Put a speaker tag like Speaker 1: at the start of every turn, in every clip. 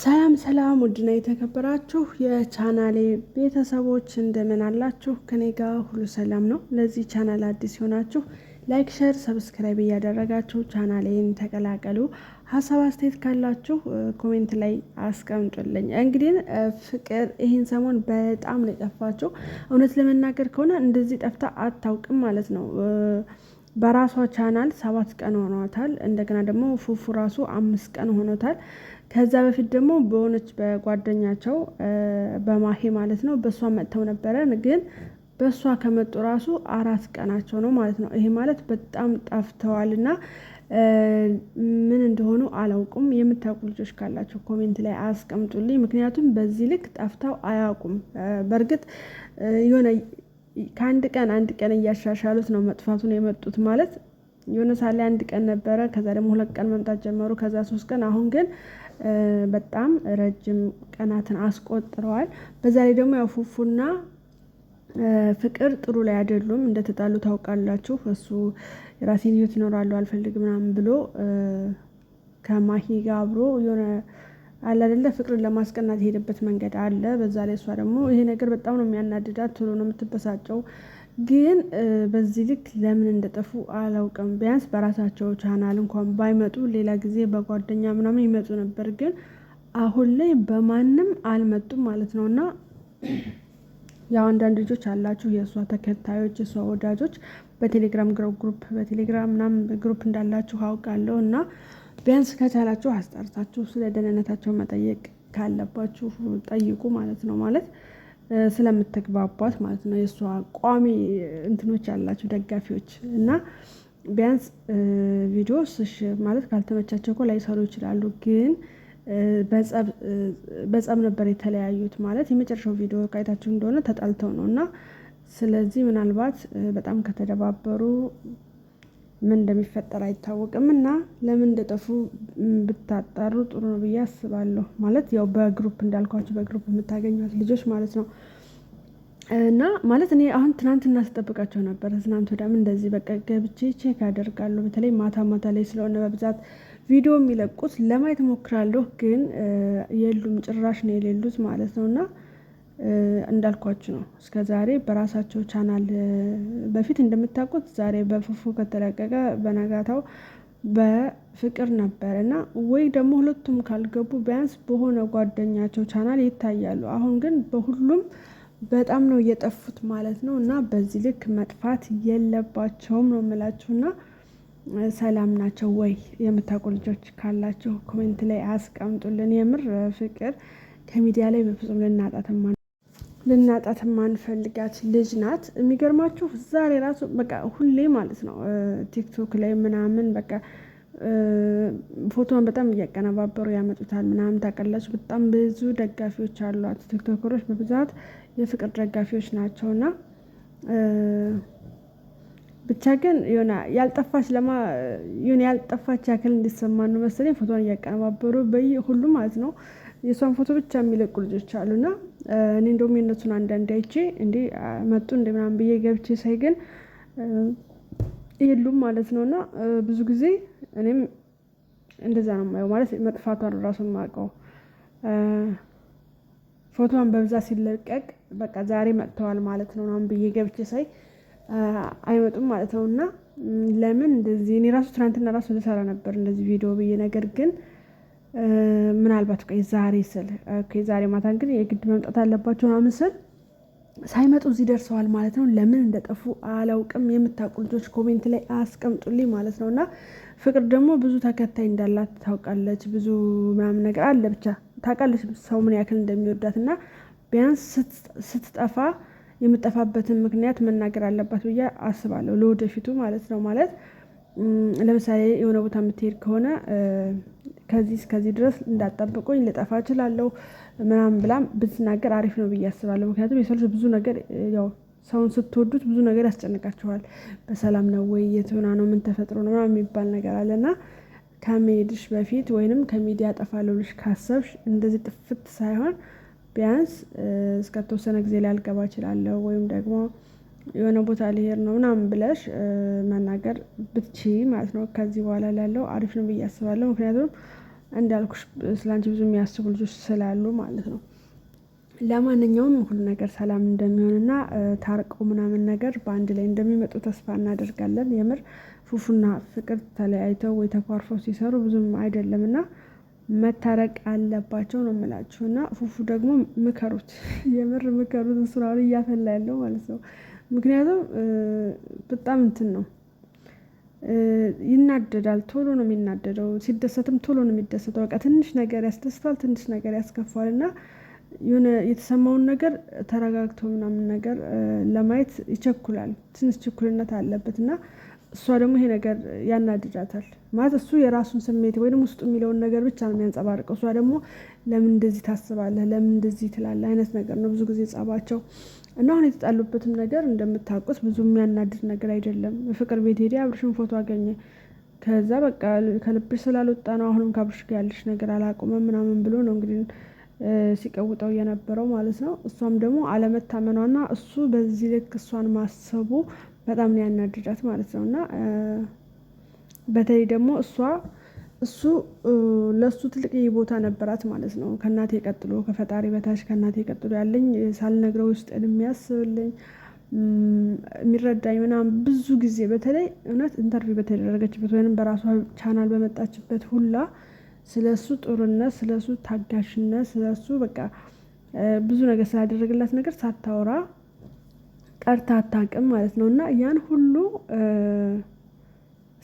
Speaker 1: ሰላም ሰላም፣ ውድና የተከበራችሁ የቻናሌ ቤተሰቦች እንደምን አላችሁ? ከኔ ጋር ሁሉ ሰላም ነው። ለዚህ ቻናል አዲስ ሲሆናችሁ ላይክ፣ ሸር፣ ሰብስክራይብ እያደረጋችሁ ቻናሌን ተቀላቀሉ። ሀሳብ አስተያየት ካላችሁ ኮሜንት ላይ አስቀምጡልኝ። እንግዲህ ፍቅር ይህን ሰሞን በጣም ነው የጠፋችሁ። እውነት ለመናገር ከሆነ እንደዚህ ጠፍታ አታውቅም ማለት ነው። በራሷ ቻናል ሰባት ቀን ሆኗታል። እንደገና ደግሞ ፉፉ ራሱ አምስት ቀን ሆኖታል። ከዛ በፊት ደግሞ በሆነች በጓደኛቸው በማሄ ማለት ነው በእሷ መጥተው ነበረ ግን በእሷ ከመጡ ራሱ አራት ቀናቸው ነው ማለት ነው። ይሄ ማለት በጣም ጠፍተዋል እና ምን እንደሆኑ አላውቁም። የምታውቁ ልጆች ካላቸው ኮሜንት ላይ አስቀምጡልኝ። ምክንያቱም በዚህ ልክ ጠፍተው አያውቁም። በእርግጥ የሆነ ከአንድ ቀን አንድ ቀን እያሻሻሉት ነው መጥፋቱን የመጡት ማለት የሆነ ሳለ አንድ ቀን ነበረ። ከዛ ደግሞ ሁለት ቀን መምጣት ጀመሩ። ከዛ ሶስት ቀን አሁን ግን በጣም ረጅም ቀናትን አስቆጥረዋል። በዛ ላይ ደግሞ ያው ፉፉና ፍቅር ጥሩ ላይ አይደሉም። እንደተጣሉ ታውቃላችሁ። እሱ የራሴን ህይወት ይኖራለሁ አልፈልግ ምናምን ብሎ ከማሂ ጋር አብሮ የሆነ አለ አይደለ ፍቅርን ለማስቀናት የሄደበት መንገድ አለ። በዛ ላይ እሷ ደግሞ ይሄ ነገር በጣም ነው የሚያናድዳት። ቶሎ ነው የምትበሳጨው። ግን በዚህ ልክ ለምን እንደጠፉ አላውቅም። ቢያንስ በራሳቸው ቻናል እንኳን ባይመጡ ሌላ ጊዜ በጓደኛ ምናምን ይመጡ ነበር። ግን አሁን ላይ በማንም አልመጡም ማለት ነው። እና ያው አንዳንድ ልጆች አላችሁ የእሷ ተከታዮች፣ የእሷ ወዳጆች በቴሌግራም ግሩፕ በቴሌግራም ምናምን ግሩፕ እንዳላችሁ አውቃለሁ። እና ቢያንስ ከቻላችሁ አስጠርታችሁ ስለ ደህንነታቸው መጠየቅ ካለባችሁ ጠይቁ ማለት ነው ማለት ስለምትግባባት ማለት ነው። የእሷ ቋሚ እንትኖች ያላቸው ደጋፊዎች እና ቢያንስ ቪዲዮ ስሽ ማለት ካልተመቻቸው እኮ ላይሰሩ ይችላሉ። ግን በጸብ ነበር የተለያዩት። ማለት የመጨረሻው ቪዲዮ ካይታችሁ እንደሆነ ተጣልተው ነው እና ስለዚህ ምናልባት በጣም ከተደባበሩ ምን እንደሚፈጠር አይታወቅም እና ለምን እንደጠፉ ብታጣሩ ጥሩ ነው ብዬ አስባለሁ። ማለት ያው በግሩፕ እንዳልኳቸው በግሩፕ የምታገኟት ልጆች ማለት ነው። እና ማለት እኔ አሁን ትናንትና ስጠብቃቸው ነበር። ትናንት ወዲያም እንደዚህ በቃ ገብቼ ቼክ ያደርጋሉ። በተለይ ማታ ማታ ላይ ስለሆነ በብዛት ቪዲዮ የሚለቁት ለማየት ሞክራለሁ፣ ግን የሉም ጭራሽ ነው የሌሉት ማለት ነው እና እንዳልኳችሁ ነው እስከ ዛሬ በራሳቸው ቻናል በፊት እንደምታውቁት ዛሬ በፉፉ ከተለቀቀ በነጋታው በፍቅር ነበር እና ወይ ደግሞ ሁለቱም ካልገቡ ቢያንስ በሆነ ጓደኛቸው ቻናል ይታያሉ። አሁን ግን በሁሉም በጣም ነው እየጠፉት ማለት ነው እና በዚህ ልክ መጥፋት የለባቸውም ነው የምላችሁ። እና ሰላም ናቸው ወይ የምታውቁ ልጆች ካላችሁ ኮሜንት ላይ አስቀምጡልን። የምር ፍቅር ከሚዲያ ላይ በፍጹም ልናጣትማ ልናጣት የማንፈልጋት ልጅ ናት። የሚገርማችሁ ዛሬ ራሱ በቃ ሁሌ ማለት ነው ቲክቶክ ላይ ምናምን በቃ ፎቶን በጣም እያቀነባበሩ ያመጡታል ምናምን ታቀላችሁ በጣም ብዙ ደጋፊዎች አሏት። ቲክቶከሮች በብዛት የፍቅር ደጋፊዎች ናቸውና ብቻ ግን የሆነ ያልጠፋች ለማ የሆነ ያልጠፋች ያክል እንዲሰማ ነው መሰለኝ ፎቶን እያቀነባበሩ በይ ሁሉም ማለት ነው የእሷን ፎቶ ብቻ የሚለቁ ልጆች አሉና እኔ እንደውም የእነሱን አንዳንድ አይቼ እንዴ መጡ እንደ ምናምን ብዬ ገብቼ ሳይ ግን የሉም ማለት ነው። እና ብዙ ጊዜ እኔም እንደዛ ነው የማየው ማለት መጥፋቷን እራሱ የማውቀው። ፎቶን በብዛት ሲለቀቅ በቃ ዛሬ መጥተዋል ማለት ነው ምናምን ብዬ ገብቼ ሳይ አይመጡም ማለት ነው። እና ለምን እንደዚህ እኔ ራሱ ትናንትና ራሱ ልሰራ ነበር እንደዚህ ቪዲዮ ብዬ ነገር ግን ምናልባት ቆይ ዛሬ ስል ዛሬ ማታ እንግዲህ የግድ መምጣት አለባቸው ምናምን ስል ሳይመጡ እዚህ ደርሰዋል ማለት ነው። ለምን እንደጠፉ አላውቅም። የምታውቁ ልጆች ኮሜንት ላይ አስቀምጡልኝ ማለት ነው። እና ፍቅር ደግሞ ብዙ ተከታይ እንዳላት ታውቃለች። ብዙ ምናምን ነገር አለ ብቻ ታውቃለች፣ ሰው ምን ያክል እንደሚወዳት እና ቢያንስ ስትጠፋ የምጠፋበትን ምክንያት መናገር አለባት ብዬ አስባለሁ። ለወደፊቱ ማለት ነው ማለት ለምሳሌ የሆነ ቦታ የምትሄድ ከሆነ ከዚህ እስከዚህ ድረስ እንዳጠብቁኝ ልጠፋ እችላለሁ ምናምን ብላም ብትናገር አሪፍ ነው ብዬ አስባለሁ። ምክንያቱም የሰው ልጅ ብዙ ነገር ያው ሰውን ስትወዱት ብዙ ነገር ያስጨንቃቸዋል። በሰላም ነው ወይ የት ሆና ነው ምን ተፈጥሮ ነው ምናምን የሚባል ነገር አለና ከመሄድሽ በፊት ወይንም ከሚዲያ ጠፋለሁ ብለሽ ካሰብሽ እንደዚህ ጥፍት ሳይሆን ቢያንስ እስከ ተወሰነ ጊዜ ላልገባ እችላለሁ ወይም ደግሞ የሆነ ቦታ ልሄድ ነው ምናምን ብለሽ መናገር ብቺ ማለት ነው ከዚህ በኋላ ላለው አሪፍ ነው ብዬ አስባለሁ። ምክንያቱም እንዳልኩሽ ስለአንቺ ብዙ የሚያስቡ ልጆች ስላሉ ማለት ነው። ለማንኛውም ሁሉ ነገር ሰላም እንደሚሆንና ታርቀው ምናምን ነገር በአንድ ላይ እንደሚመጡ ተስፋ እናደርጋለን። የምር ፉፉና ፍቅር ተለያይተው ወይ ተኳርፈው ሲሰሩ ብዙም አይደለምና መታረቅ አለባቸው ነው የምላችሁ። እና ፉፉ ደግሞ ምከሩት፣ የምር ምከሩት። እሱን አሁን እያፈላ ያለው ማለት ነው። ምክንያቱም በጣም እንትን ነው ይናደዳል። ቶሎ ነው የሚናደደው። ሲደሰትም ቶሎ ነው የሚደሰተው። በቃ ትንሽ ነገር ያስደስታል፣ ትንሽ ነገር ያስከፋል። እና የሆነ የተሰማውን ነገር ተረጋግቶ ምናምን ነገር ለማየት ይቸኩላል። ትንሽ ችኩልነት አለበት እና እሷ ደግሞ ይሄ ነገር ያናድዳታል። ማለት እሱ የራሱን ስሜት ወይም ውስጡ የሚለውን ነገር ብቻ ነው የሚያንጸባርቀው። እሷ ደግሞ ለምን እንደዚህ ታስባለህ፣ ለምን እንደዚህ ትላለህ አይነት ነገር ነው ብዙ ጊዜ ጸባቸው እና አሁን የተጣሉበትም ነገር እንደምታውቁት ብዙ የሚያናድድ ነገር አይደለም። ፍቅር ቤት ሄደ አብርሽን ፎቶ አገኘ። ከዛ በቃ ከልብሽ ስላልወጣ ነው አሁንም ከአብርሽ ጋር ያለሽ ነገር አላቁመ ምናምን ብሎ ነው እንግዲህ ሲቀውጠው የነበረው ማለት ነው። እሷም ደግሞ አለመታመኗና እሱ በዚህ ልክ እሷን ማሰቡ በጣም ነው ያናድዳት ማለት ነው። እና በተለይ ደግሞ እሷ እሱ ለእሱ ትልቅ ቦታ ነበራት ማለት ነው። ከእናቴ ቀጥሎ ከፈጣሪ በታች ከእናቴ ቀጥሎ ያለኝ ሳልነግረው ውስጥ የሚያስብልኝ የሚረዳኝ ምናምን ብዙ ጊዜ በተለይ እውነት ኢንተርቪው በተደረገችበት ወይም በራሷ ቻናል በመጣችበት ሁላ ስለ እሱ ጥሩነት፣ ስለ እሱ ታጋሽነት፣ ስለ እሱ በቃ ብዙ ነገር ስላደረግላት ነገር ሳታወራ ቀርታ አታውቅም ማለት ነው። እና ያን ሁሉ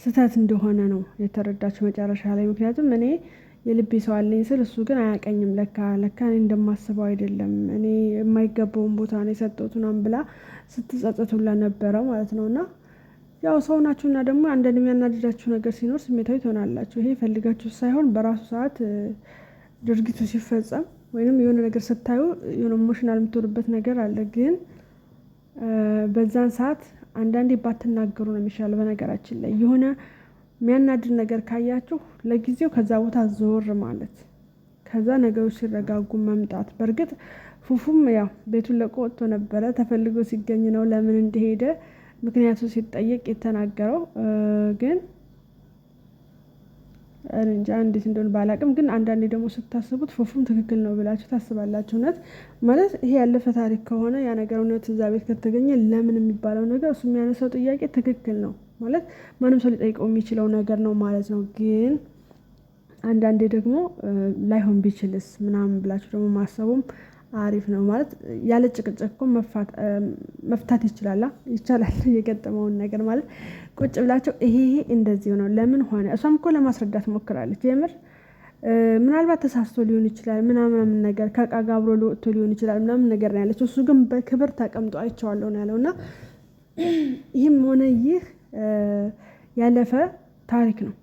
Speaker 1: ስህተት እንደሆነ ነው የተረዳችው መጨረሻ ላይ። ምክንያቱም እኔ የልቤ ሰው አለኝ ስል እሱ ግን አያቀኝም ለካ ለካ እኔ እንደማስበው አይደለም፣ እኔ የማይገባውን ቦታ ነው የሰጠሁት ምናምን ብላ ስትጸጸቱላ ነበረ ማለት ነው። እና ያው ሰው ናችሁና ደግሞ አንዳንድ የሚያናድዳችሁ ነገር ሲኖር ስሜታዊ ትሆናላችሁ። ይሄ ፈልጋችሁ ሳይሆን በራሱ ሰዓት ድርጊቱ ሲፈጸም ወይም የሆነ ነገር ስታዩ የሆነ ኢሞሽናል የምትሆንበት ነገር አለ ግን በዛን ሰዓት አንዳንዴ ባትናገሩ ነው የሚሻለው። በነገራችን ላይ የሆነ የሚያናድድ ነገር ካያችሁ ለጊዜው ከዛ ቦታ ዞር ማለት ከዛ ነገሮች ሲረጋጉ መምጣት። በእርግጥ ፉፉም ያው ቤቱን ለቆ ወጥቶ ነበረ። ተፈልጎ ሲገኝ ነው ለምን እንደሄደ ምክንያቱ ሲጠየቅ የተናገረው ግን እንጃ እንዴት እንደሆነ ባላቅም፣ ግን አንዳንዴ ደግሞ ስታስቡት ፉፉም ትክክል ነው ብላችሁ ታስባላችሁ። እውነት ማለት ይሄ ያለፈ ታሪክ ከሆነ ያ ነገር እውነት እዛ ቤት ከተገኘ ለምን የሚባለው ነገር እሱ የሚያነሳው ጥያቄ ትክክል ነው ማለት ማንም ሰው ሊጠይቀው የሚችለው ነገር ነው ማለት ነው። ግን አንዳንዴ ደግሞ ላይሆን ቢችልስ ምናምን ብላችሁ ደግሞ ማሰቡም አሪፍ ነው ማለት ያለ ጭቅጭቅ እኮ መፍታት ይችላል ይቻላል። የገጠመውን ነገር ማለት ቁጭ ብላቸው ይሄ ይሄ እንደዚህ ነው ለምን ሆነ፣ እሷም እኮ ለማስረዳት ሞክራለች። የምር ምናልባት ተሳስቶ ሊሆን ይችላል ምናምናምን ነገር ከዕቃ ጋር አብሮ ወጥቶ ሊሆን ይችላል ምናምን ነገር ነው ያለችው። እሱ ግን በክብር ተቀምጦ አይቼዋለሁ ነው ያለው። እና ይህም ሆነ ይህ ያለፈ ታሪክ ነው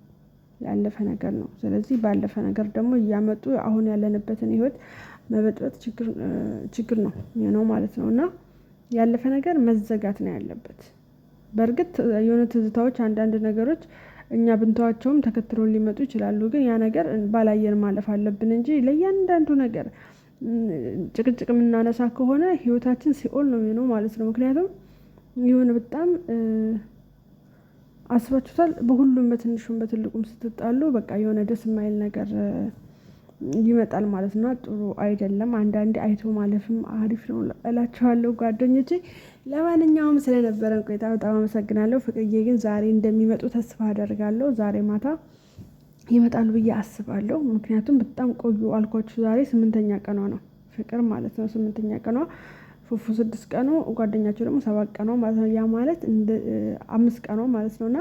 Speaker 1: ያለፈ ነገር ነው። ስለዚህ ባለፈ ነገር ደግሞ እያመጡ አሁን ያለንበትን ህይወት መበጥበጥ ችግር ነው ነው ማለት ነው። እና ያለፈ ነገር መዘጋት ነው ያለበት። በእርግጥ የሆነ ትዝታዎች፣ አንዳንድ ነገሮች እኛ ብንተዋቸውም ተከትሎን ሊመጡ ይችላሉ። ግን ያ ነገር ባላየን ማለፍ አለብን እንጂ ለእያንዳንዱ ነገር ጭቅጭቅ የምናነሳ ከሆነ ህይወታችን ሲኦል ነው የሚሆነው ማለት ነው። ምክንያቱም የሆነ በጣም አስባችሁታል። በሁሉም በትንሹም በትልቁም ስትጣሉ በቃ የሆነ ደስ የማይል ነገር ይመጣል ማለት ነው። ጥሩ አይደለም። አንዳንዴ አይቶ ማለፍም አሪፍ ነው እላቸዋለሁ ጓደኞቼ። ለማንኛውም ስለነበረን ቆይታ በጣም አመሰግናለሁ። ፍቅርዬ ግን ዛሬ እንደሚመጡ ተስፋ አደርጋለሁ። ዛሬ ማታ ይመጣሉ ብዬ አስባለሁ። ምክንያቱም በጣም ቆዩ አልኳችሁ። ዛሬ ስምንተኛ ቀኗ ነው ፍቅር ማለት ነው። ስምንተኛ ቀኗ ፉፉ ስድስት ቀኑ ጓደኛቸው ደግሞ ሰባት ቀኗ ማለት ነው። ያ ማለት አምስት ቀኗ ማለት ነው እና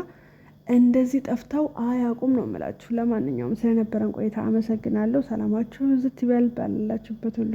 Speaker 1: እንደዚህ ጠፍተው አያውቁም ነው የምላችሁ። ለማንኛውም ስለነበረን ቆይታ አመሰግናለሁ። ሰላማችሁ ዝት ይበል ባላችሁበት ሁሉ